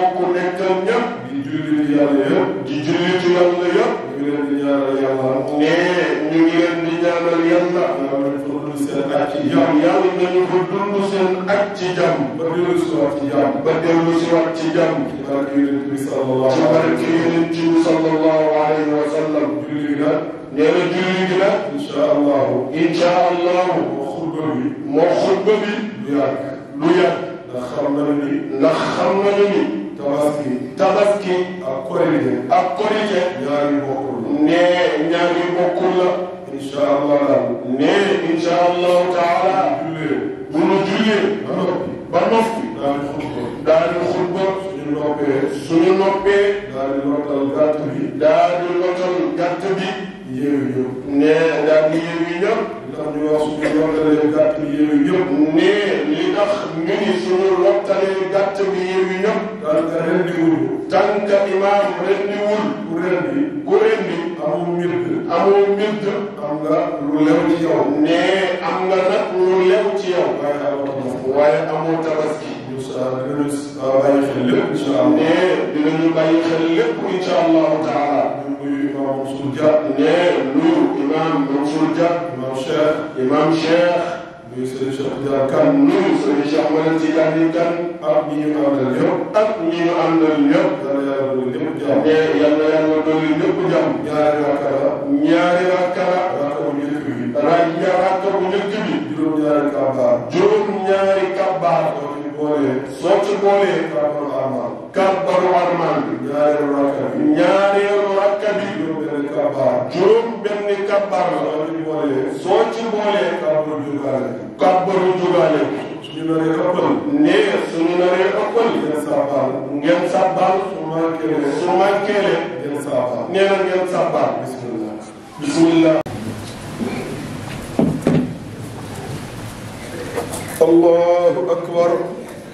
bokk nekkal ñëpp di julli ci yàlla yëpp di julli ci yàlla yëpp ñu ngi leen di ñaanal yàlla nee eh, ñu ngi leen di ñaanal yàlla yàlla nañ ko dund seen ak ci jàmm yàlla nañu ko dund seen ak ci jàmm ba dellu si waat ci jàmm ba dellu si waat ci jàmm ci barke yonent bi sallallahu ci barke yonent bi sallallahu alayhi wa sallam julli ga nee na julli gi la incha allahu incha allahu moo xutba bi moo xutba bi du yàgg du yàgg ndax xam na ni ndax xam na ni tabaski tabaski a kori kɛ a kori kɛ ɲaami bɔ ko ne ɲaami bɔ ko la inshallah ne inshallah taala jule bulu jule banofi daani xutba suñu noppe suñu noppe daani lotal gàtt bi daani lotal gàtt bi yeewu ñëpp ne daani yeewu ñëpp li tax ñu wax suñu lottale yu gàtt yéew yi ñëpp. nee li tax ñu ni suñu lottale yu gàtt bi yéew yi ñëpp. daanaka ren di wul. tànka imaam ren di wul. ku ren bi ku ren bi. amul mbir. amul mbir. am nga lu lew ci yow. nee am nga nag lu lew ci yow. waaye amoo tabaski. dinañu bàyyi xel lépp incha allah. nee dinañu bàyyi xel lépp incha allahu taala. imam Mansour Dia ne lu imam Mansour Dia imam Cheikh imam Cheikh muy sëriñ Cheikh Dia Kane nuyu sëriñ Cheikh Malick Tidiane Kane ak ñi ñu àndal yëpp ak ñi ñu àndal yëpp yàlla yàlla dolli lépp jàmm yàlla yàlla dolli lépp jàmm ñaari rakka la ñaari rakka la rakka bu njëkk bi rakka bu njëkk bi juróom ñaari kabbaar juróom ñaari kabbaar boolee soo ci boolee rakol armal kabbaru armal bi ñaareelu rakka bi ñaareelu rakka bi juróom benn kabbar juróom benn kabbar la soo ci boolee soo ci boolee kabbaru jugaale kabbaru jugaale suñu naree ëppal nee suñu naree ëppal ngeen sàbbal ngeen sàbbal su manquéle su manquéle ngeen sàbbal nee na ngeen sàbbal bismillah bismillah الله أكبر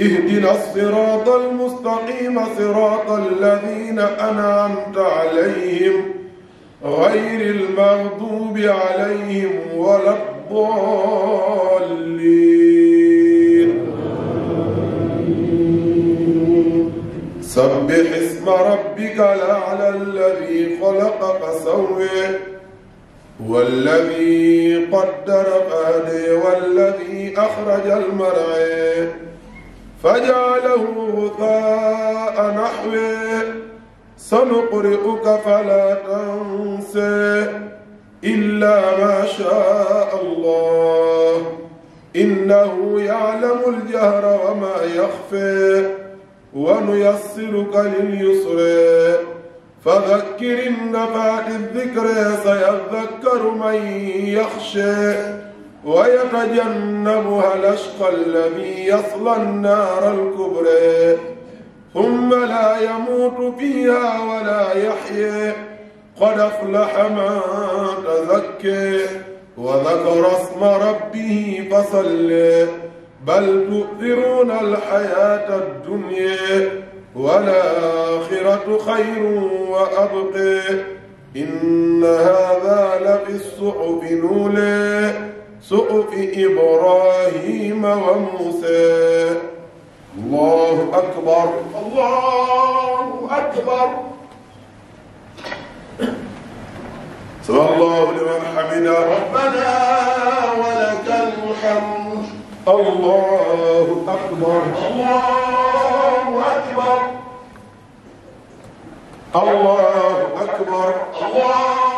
اهدنا الصراط المستقيم صراط الذين أنعمت عليهم غير المغضوب عليهم ولا الضالين سبح اسم ربك الأعلى الذي خلق فسوي والذي قدر فهدي والذي أخرج المرعي فجعله غثاء نحوه سنقرئك فلا تنسى إلا ما شاء الله إنه يعلم الجهر وما يخفي ونيسرك لليسر فذكر النفات الذكر سيذكر من يخشى ويتجنبها الأشقى الذي يصلى النار الكبرى ثم لا يموت فيها ولا يحيى قد أفلح من تزكى وذكر اسم ربه فصلى بل تؤثرون الحياة الدنيا والآخرة خير وأبقى إن هذا لفي الصحف نولي سوء إبراهيم وموسى الله أكبر الله أكبر سمع الله لمن حمده ربنا ولك الحمد الله أكبر الله أكبر الله أكبر الله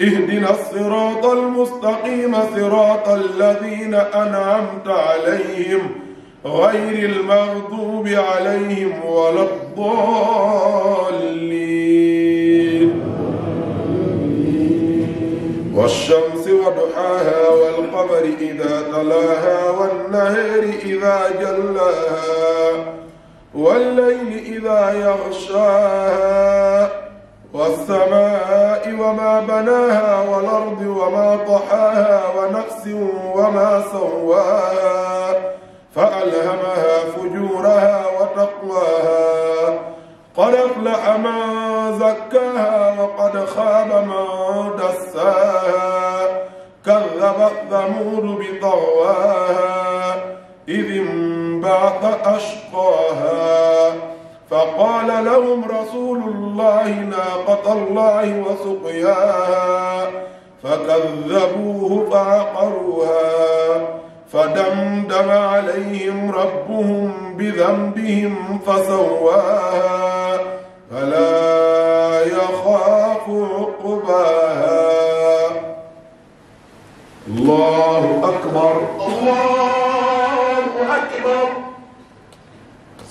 اهدنا الصراط المستقيم صراط الذين أنعمت عليهم غير المغضوب عليهم ولا الضالين والشمس وضحاها والقمر إذا تلاها والنهر إذا جلاها والليل إذا يغشاها والسماء وما بناها والأرض وما طحاها ونفس وما سواها فألهمها فجورها وتقواها قد أفلح من زكاها وقد خاب من دساها كذبت ثمود بطغواها إذ انبعث أشقاها فقال لهم رسول الله ناقة الله وسقياها فكذبوه فعقروها فدمدم عليهم ربهم بذنبهم فسواها فلا يخاف عقباها الله أكبر الله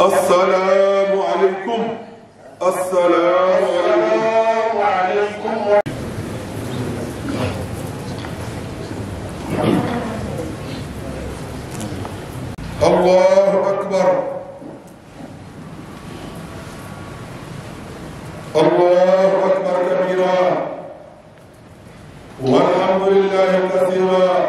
السلام عليكم السلام عليكم الله أكبر الله أكبر كبيرا والحمد لله كثيرا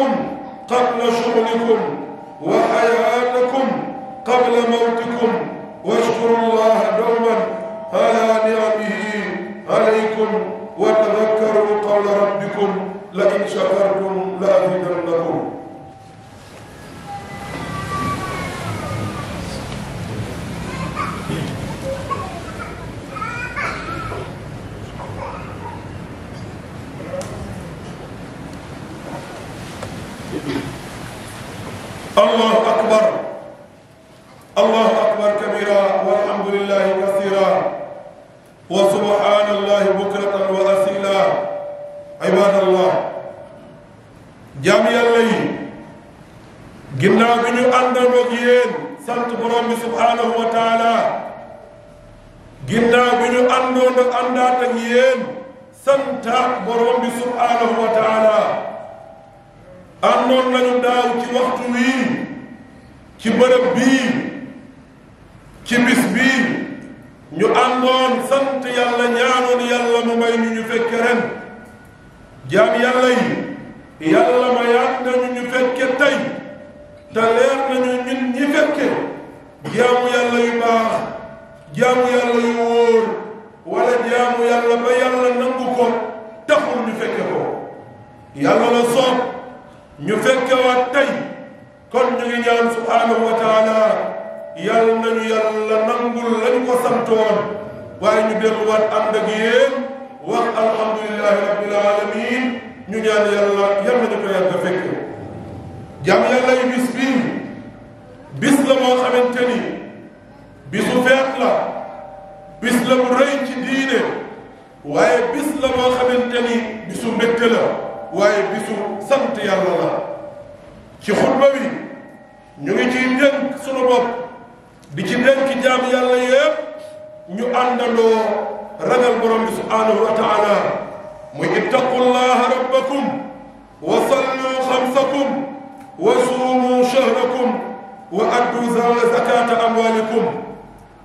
أنفسكم قبل شغلكم وحياتكم قبل موتكم واشكروا الله دوما على نعمه عليكم وتذكروا قول ربكم لئن شكرتم لأزيدنكم allahu akbar allahu akbar kabira walhamdulillahi kasira wa subhanallahi bukratan wa asila ibadallah jaam yàlla yi ginnaaw bi sant borom bi wa taala ginnaaw bi ñu àndoon ak àndaat ak yéen wa taala àndoon nañu daaw ci waxtu wii ci bërëb bii ci bis bii ñu àndoon sant yàlla ñaanoon yàlla mu may ñu ñu fekke ren jaam yàlla yi yàlla ma yaat nañu ñu fekke tey te leer nañu ñi fekke jaamu yàlla yu baax jaamu yàlla yu wóor wala jaamu yàlla ba yàlla nangu ko taxul ñu fekke ko yàlla la soob ñu fekke waat tey kon ñu ngi ñaan subhaanahu wa taala yàlla nañu yàlla nangul lañu ko santoon waaye ñu delluwaat ànd ak yéen wax alhamdulilahi rabbil alamin ñu ñaan yàlla yàlla nañu ko yàgg ko fekk jàmm yàlla yu bis bis la moo xamante bisu feet la bis la mu rëy ci diine waaye bis la moo xamante bisu mbégte la waaye bisu sant yàlla la ci xutba ñu ngi ciy dénk sunu bopp di ci dénk jaam yàlla yépp ñu àndandoo ragal borom bi subhaanahu wa taala muy ittaqullaha rabbakum wa sallu xamsakum wa suumu shahrakum wa addu zakata amwalikum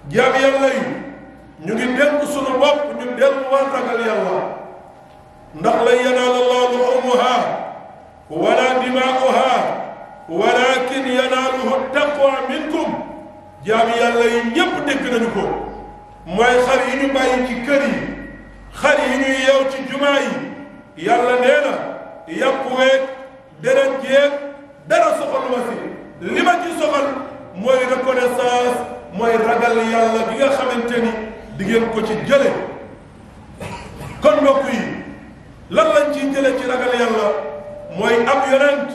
jaam yàlla ñu ngi dénk sunu bopp ñu delluwaat ragal yàlla ndax lan yanaala llaahu luhumuha wala dimaa'uha walakin yanaaluhu taqwa minkum jaam yàlla yi ñépp dégg nañu ko mooy xar yi ñu bàyyi ci kër yi xar yi ñuy ci jumaa yi yàlla nee na yàpp weeg dara soxal ma si li ma ci soxal mooy reconnaissance mooy ragal yàlla bi nga ni di ko ci jële kon mbokk yi lan ciy jëlee ci ragal yàlla mooy ab yonent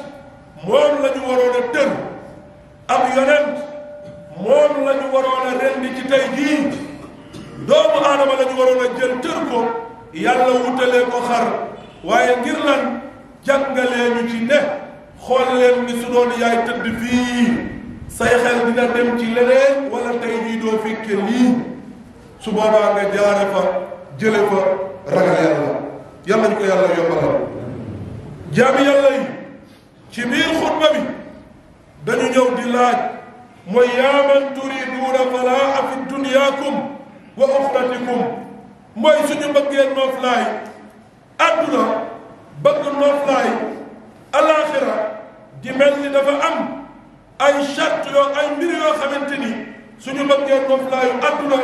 moom la waroon a tër ab yonent moom la ñu waroon a rendi ci tey jii doomu aadama la ñu waroon a jël tër ko yàlla wutalee ko xar waaye ngir lan jàngalee ci ne xool leen ni su doon yaay tëdd fii say xel dina dem ci leneen wala tey jii doo fekke lii su boobaa nga jaare fa jële fa ragal yàlla yàlla ñu ko yàlla yombalal jaami yàlla yi ci biir xutba bi dañu ñëw di laaj mooy yaa man turiduuna falaa fi dunyaakum wa uxratikum mooy suñu bëggee nooflaay àdduna bëgg nooflaay alaxira di ni dafa am ay chart yoo ay mbir yoo xamante ni suñu bëggee nooflaayu àdduna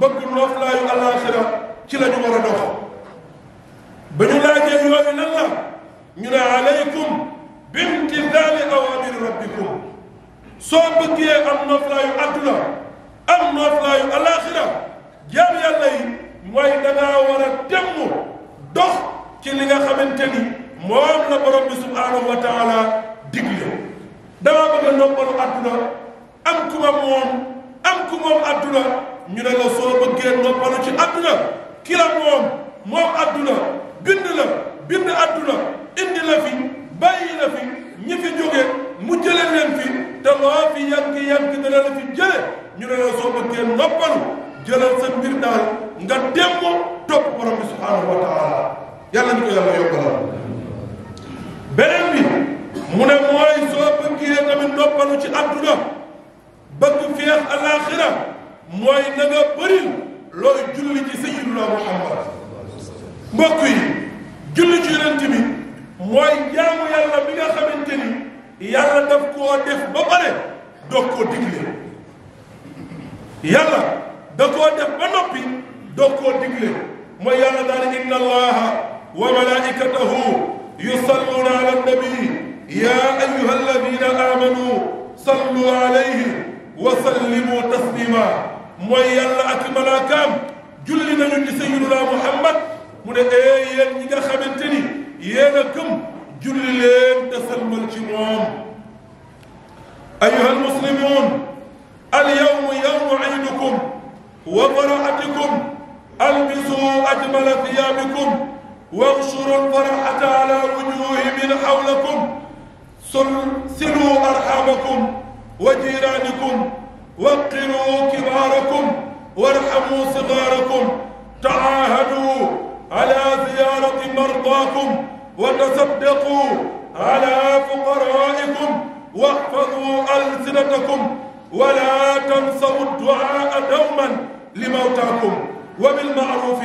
bëgg nooflaayu alaxira ci la war a dox daraja ñu ne alaykum bi imtisaali awaamiri rabbikum soo bëggee am nooflaayu àdduna am nooflaayu alaaxira jaam yàlla yi mooy da ngaa war a temm dox ci li nga xamante ni moom la borom bi subhaanahu wa taala digle dama bëgg a noppalu àdduna am ku ma moom am ku moom àdduna ñu ne la soo bëggee noppalu ci àdduna ki la moom moom àdduna bind la bind àdduna indi la fi bàyyi la fi ñi fi jóge mu jële fi te loo fi yànk yànk dana fi jële ñu ne la soo bëggee noppalu jëlal sa mbir nga demmoo topp borom bi subhaanahu wa taala yàlla ñu ko yàlla yokkalal beneen bi mu ne mooy soo bëggee tamit noppalu ci àdduna bëgg feex alaaxira mooy na nga looy julli ci sayyiduna muhammad mbokk yi julli ci mooy jaamu yàlla bi nga xamante ni yàlla daf koo def ba pare doog koo digle yàlla da koo def ba noppi doog koo digle mooy yàlla daal inna allaha wa malaikatahu yusalluna ala nabi ya ayuha alladina amanu alayhi wa sallimu taslima mooy yàlla ak malaakaam julli nañu ci sayyiduna muhammad mu ne ee eh, yéen ñi nga xamante ni yéen a gëm julli leen te salmal ci moom ayuha almuslimun alyawma yawmu iidikum wa faraxatikum albisu ajmala thiyabikum waqsuru alfarxata ala wujuhi min xawlakum silu arxamakum wa jiraanikum waqiru kibaarakum warxamu sigaarakum taahadu على زيارة مرضاكم وتصدقوا على فقرائكم واحفظوا ألسنتكم ولا تنسوا الدعاء دوما لموتاكم وبالمعروف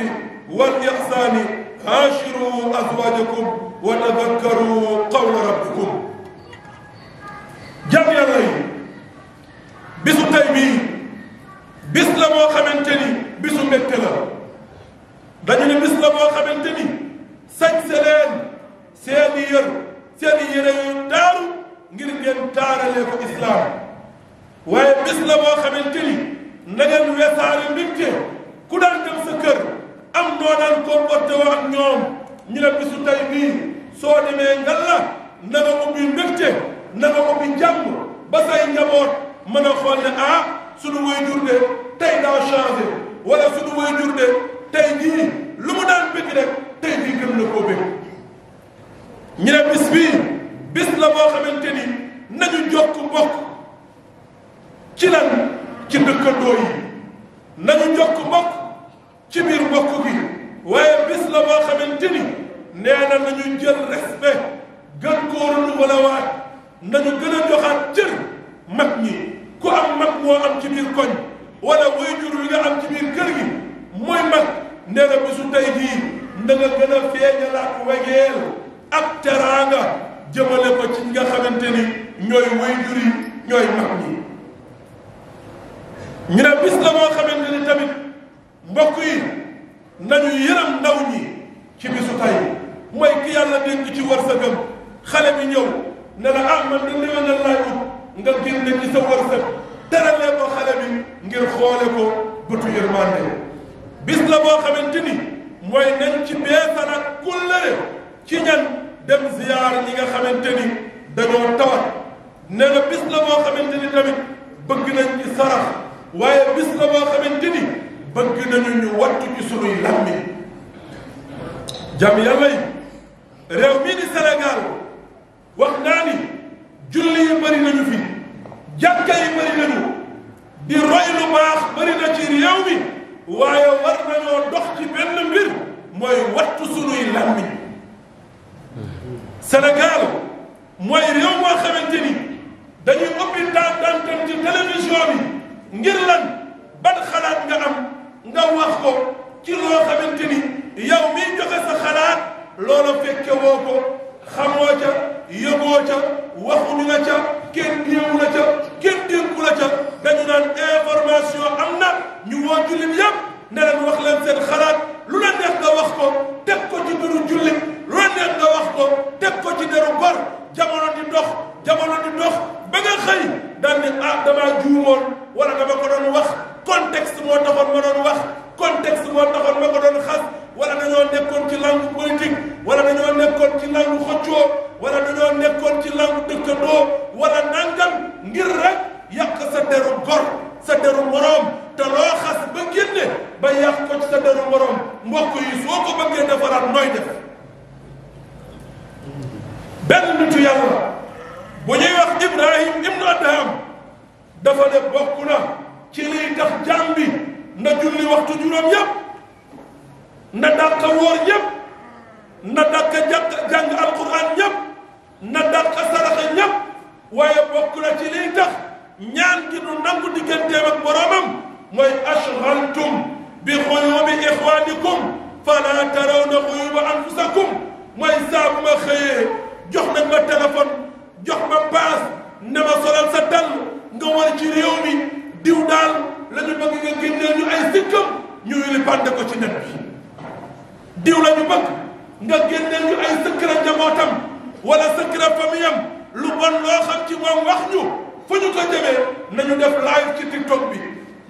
والإحسان عاشروا أزواجكم وتذكروا قول ربكم jàmm yàlla yi bisu tey bii bis la moo xamante ni bisu mbégte la dañu ne bis la boo ni sañse leen seeni yër seeni yére yu taaru ngir ngeen taaralee ko islaam waaye bis la boo xamante ni na ngeen wesaare mbégte ku daan dem sa kër am noo daan comporté woo ñoom ñu ne bisu tey bii soo demee ngal la na nga ubbi mbégte na nga ubbi jàmm ba say njaboot mën a xool ne ah sunu waajur de tey daa changé wala sunu waajur de tey jii lu mu daan bëgg rek tey jii gën na koo bëgg ne bis bii bis la boo xamante ni nañu jokk mbokk ci lan ci dëkkandoo yi nañu jokk mbokk ci biir mbokk bi waaye bis la boo xamante ni nee na nañu jël respect gën koo renouveler nañu gën a joxaat cër mag ñi ku am mag moo am ci biir koñ wala waajur wi nga xam ci biir kër gi. mooy mag nee na bisu tey jii na nga a feeñalaat wegeel ak teraanga jëmale ko ci nga xamante ni ñooy waajur yi mag ñi ñu ne bis la moo ni tamit mbokk yi nañu yëram ndaw ñi ci bisu tey mooy ki yàlla dénk ci wërsëgam xale bi ñëw ne la ah man dañ la yoon laay ut nga génne sa wërsëg teralee xale bi ngir xoole ko bëtu yërmande bis la boo xamante ni mooy nañ ci beesanaat kullare ci ñan dem ziyaar ñi nga xamante ni dañoo tawat nee na bis la boo xamante ni tamit bëgg nañ waaye bis la boo xamante ni bëgg ñu wattu ci sunuy jam yàlla yi réew mii di Sénégal wax naa ni julli yi bëri nañu fi jàkka yi bëri nañu di roy lu baax bëri na ci réew mi waaye war nañoo dox ci benn mbir mooy wattu sunuy làmmiñ Sénégal mooy réew moo xamante ni dañuy ubbi tàntantam ci télévision bi ngir lan ban xalaat nga am nga wax ko ci loo xamante ni yow sa xalaat loola fekke woo ko xamoo ca yëgoo ca waxuñu la ca kenn néewu la ca kenn dénku la ca dañu naan information am na ñu woo jullit yëpp ne leen wax leen seen xalaat lu la neex nga wax ko teg ko ci duru jullit lu la neex nga wax ko teg ko ci deru gor jamono di dox jamono di dox ba nga xëy daal ni ah damaa juumoon wala dama ko doon wax contexte moo taxoon ma doon wax contexte moo taxoon ma ko doon xas wala dañoo nekkoon ci langue politique wala dañoo nekkoon ci langue xëccoo wala dañoo nekkoon ci langue dëkkandoo wala nangam ngir rek wala sa këram famiyam lu bon loo xam ci moom wax ñu fu ñu ko jëmee nañu def live ci tiktok bi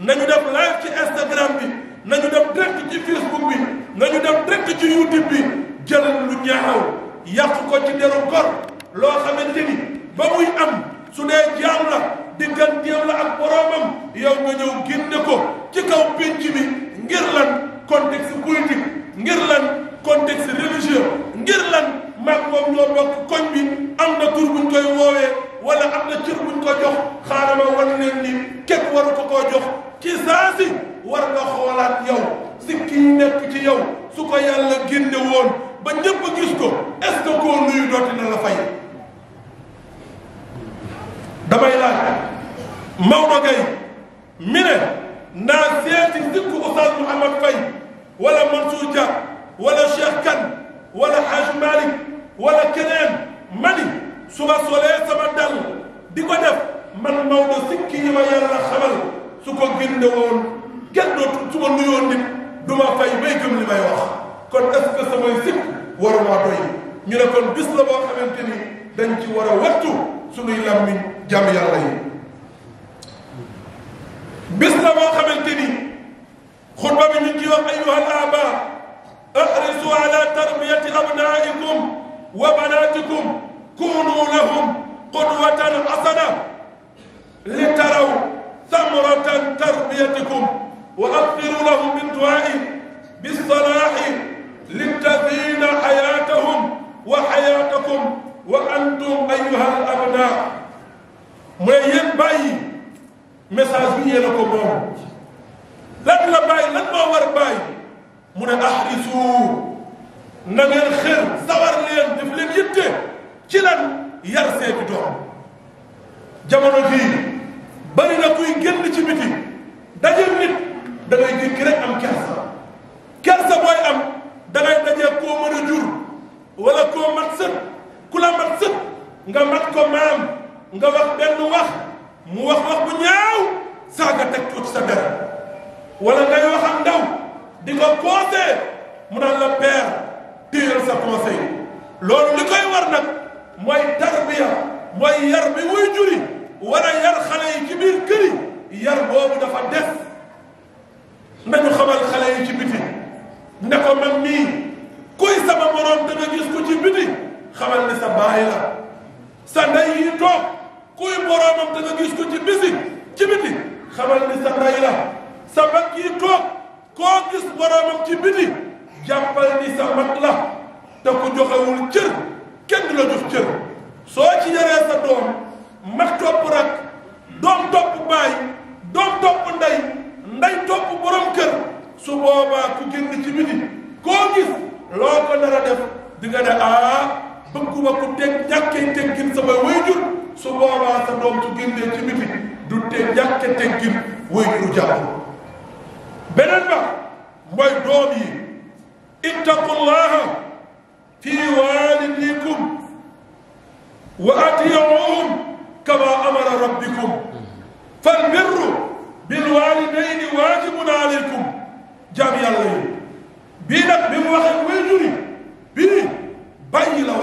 nañu def live ci instagram bi nañu def direct ci facebook bi nañu def direct ci youtube bi jël lu ñaaw yàq ko ci deru gor loo xamante ni ba muy am su dee jaam la digganteem la ak boroomam yow nga ñëw génne ko ci kaw pénc bi ngir lan contexte politique ngir lan contexte religieux ngir lan maag moom ñoo bokk koñ bi am na tur buñ koy woowee wala am na cër buñ ko jox xaaral ma wan leen ni kenn ko ci saa war nga xoolaat yow sikki yi nekk ci yow su ko yàlla génne woon ba ñëpp gis ko est-ce koo nuyu dooti na la fay damay laaj Maodo mi ne naa seeti sikku Oustaz Mouhamad Faye wala Mansour Dia wala Cheikh Kane wala Hadj Malick wala keneen mani suba solee sama di ko def man Maodo sikki yi ma yàlla xamal su ko génne woon kenn dootu su ma nuyoon nit du ma fay may gëm li may wax kon est-ce que samay sikk waru maa doy ñu ne kon bis la boo xamante ni dañ ci war a wattu suñuy làmmiñ jàmm yàlla yi bis la boo xamante ni xutba bi ñu ci wax ayyuhal aba ahrisu ala tarbiyati abnaikum وبناتكم كونوا لهم قدوة حسنة لتروا ثمرة تربيتكم وأكثروا لهم بالدعاء بالصلاح لتزين حياتهم وحياتكم وأنتم أيها الأبناء ميت باي مساج بي لكم لن لا باي لن ما ور باي من أحرسوا na ngeen xër sawar leen def leen yitte ci lan yar seeni doom jamono bii bari na kuy génn ci biti daje nit da ngay jékki rek am kersa kersa booy am da ngay koo mën a jur wala koo mat sët ku la mat sët nga mat ko maam nga wax benn wax mu wax wax bu ñaaw saaga teg tuuti sa dara wala ngay wax ndaw di ko poosee mu naan la père téyal sa conseil loolu li koy war nag mooy tarbiya mooy yar bi juri war yar xale yi ci biir kër yi yar boobu dafa def nañu xamal xale yi ci biti ne ko man mii kuy sama moroom da gis ko ci biti xamal ne sa baay la sa ndey yi toog kuy moroomam da nga gis ko ci bisi ci biti xamal ni sa ndey la sa mag yi toog koo gis moroomam ci biti jàppal ni sa mat la te ku joxewul cër kenn du la jox cër soo ci yaree sa doom mag topp rak doom topp baay doom topp ndey ndey topp borom kër su boobaa ku génn ci biti koo gis loo ko nar a def di nga ne aa ah, bëgguma ku teg ñàkkee teggin sama wayjur su boobaa sa doom su génnee ci biti du te ñàkke teggin wayjuru jàpp beneen ba mooy doom yi ittaqu llaha fi walidikum wa atiuhum kama amara rabbikum falbirru bilwalidayni waajibun aleykum jaam yàlla yi bii nag bi mu waxee wéy juri bii bàyyi la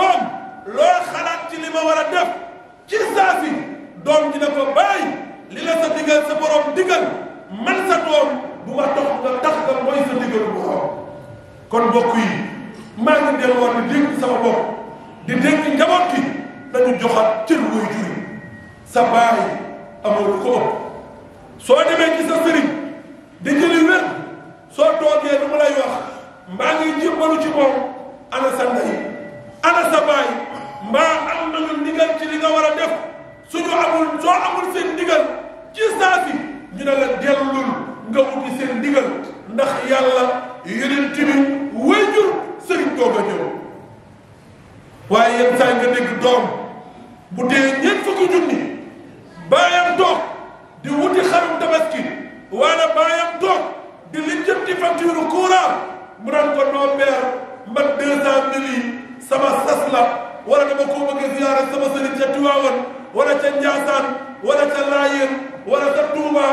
doom loo xalaat ci li ma war a def ci saafi doom dina ko bàyyi li la sa digal sa borom digal man sa doom bu nga tax nga mooy sa digal bu kon mbokk yi maa ngi delluwaat di dénk sama bopp di dénk njaboot gi dañu joxat cër wuy sa baay amul ko ëpp soo demee ci sa sëriñ di jëli wér soo toogee lu mu lay mbaa ngi jébbalu ci moom ana sa ndey ana sa baay mbaa am nañu ndigal ci li nga war a def suñu amul soo amul seen ndigal ci saa si ñu ne la dellul nga wuti seen ndigal ndax yàlla yonent bi wayjur sëriñ doog a ñëw waaye yenn saa nga dégg doom bu dee ñeent fukki junni baayam toog di wuti xarum tabaski wala baayam toog di lijjanti facture courant mu naan ko noo mbeer mbat deux cent mille sama sas la wala dama koo bëgg a ziyaara sama sëriñ ca Tiwaawan wala ca Njaasaan wala ca Laayeen wala ca Tuuba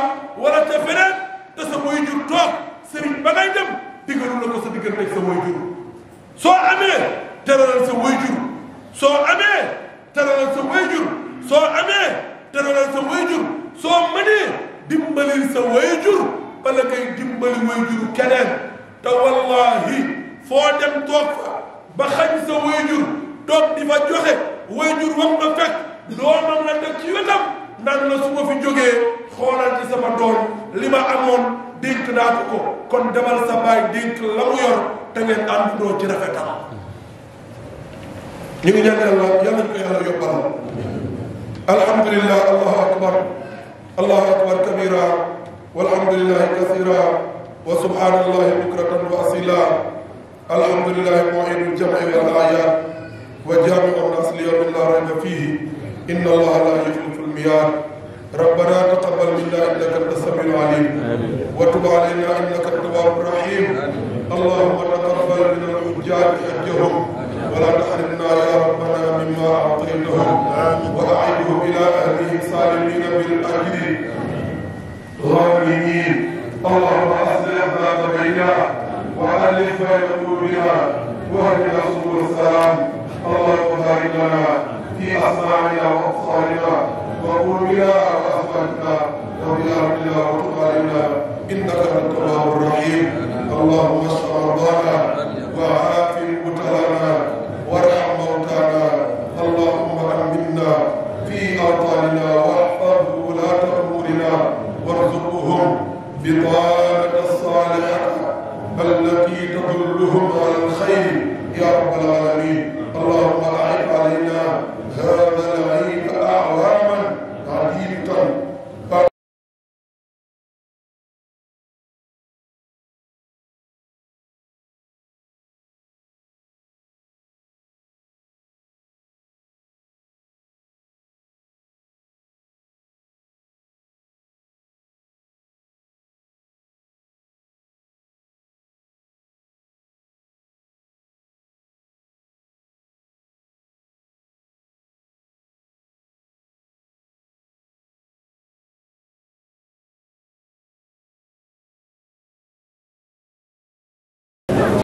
te sa way jur toog sëriñ ba ngay dem diggalu la ko sa diggante ak sa way soo amee teralal sa way soo amee teralal sa way soo amee teralal sa way soo mënee dimbalil sa way bala ngay dimbali way jur keneen te foo dem toog ba xañ sa wayjur doom di fa joxe wayjur wax nga fekk doomam la teg ci wetam nan la su ma fi joge xoolal ci sama doom li ma amoon dénk naa ko kon demal sa baay dénk la mu yor te ngeen àndandoo ci rafetal ñu ngi ñaan yàlla yal nañu ko yàlla yobbal alhamdulillah allahu akbar allahu akbar kabira walhamdulillahi kasira wa subhanallahi wa asila alhamdulillahi mu'inul jam'i wal ayat wa jami'un nas li yawmin la rayba fihi inna allaha la yukhlifu al miyad ربنا تقبل منا انك انت السميع العليم وتب علينا انك التواب الرحيم اللهم تقبل من الحجاج حجهم ولا تحرمنا يا ربنا مما اعطيتهم واعدهم الى اهلهم سالمين بالاجر غانمين اللهم اصلح ما بيننا وألف بين قلوبنا واهدنا سبل السلام اللهم بارك لنا في أسماعنا وأبصارنا وقلوبنا وأسماعنا وبأرضنا وأبصارنا إنك أنت الرحيم اللهم اشف مرضانا وعاف مبتلانا